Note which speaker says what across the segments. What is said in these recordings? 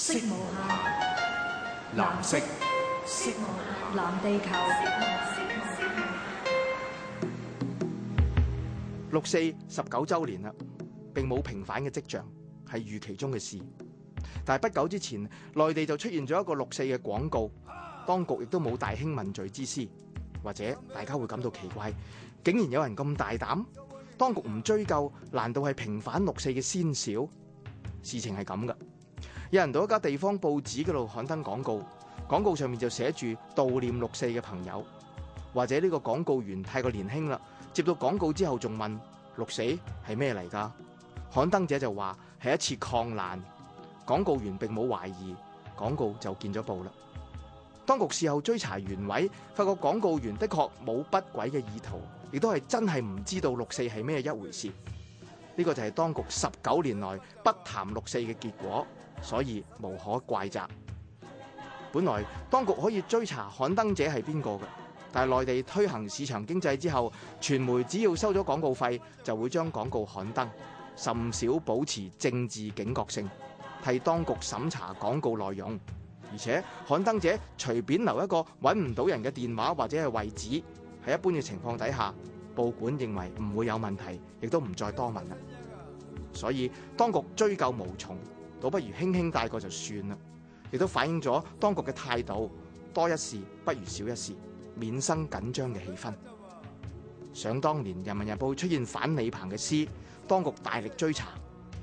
Speaker 1: 色藍色，藍地球。藍地球六四十九周年啦，並冇平反嘅跡象，係預期中嘅事。但係不久之前，內地就出現咗一個六四嘅廣告，當局亦都冇大興問罪之師。或者大家會感到奇怪，竟然有人咁大膽，當局唔追究，難道係平反六四嘅先兆？事情係咁噶。有人到一家地方報紙嗰度刊登廣告，廣告上面就寫住悼念六四嘅朋友。或者呢個廣告員太過年輕啦，接到廣告之後仲問六四係咩嚟㗎？刊登者就話係一次抗難。廣告員並冇懷疑，廣告就見咗報啦。當局事後追查原委，發覺廣告員的確冇不軌嘅意圖，亦都係真係唔知道六四係咩一回事。呢個就係當局十九年來不談六四嘅結果，所以無可怪責。本來當局可以追查刊登者係邊個嘅，但係內地推行市場經濟之後，傳媒只要收咗廣告費，就會將廣告刊登，甚少保持政治警覺性，替當局審查廣告內容，而且刊登者隨便留一個揾唔到人嘅電話或者係位置，喺一般嘅情況底下，報館認為唔會有問題，亦都唔再多問啦。所以當局追究無從，倒不如輕輕帶過就算啦。亦都反映咗當局嘅態度，多一事不如少一事，免生緊張嘅氣氛。想當年《人民日報》出現反李鵬嘅詩，當局大力追查，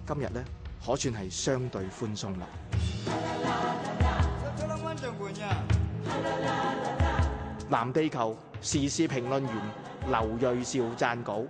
Speaker 1: 今日呢，可算係相對寬鬆啦。藍地球。時事評論員劉銳紹撰稿。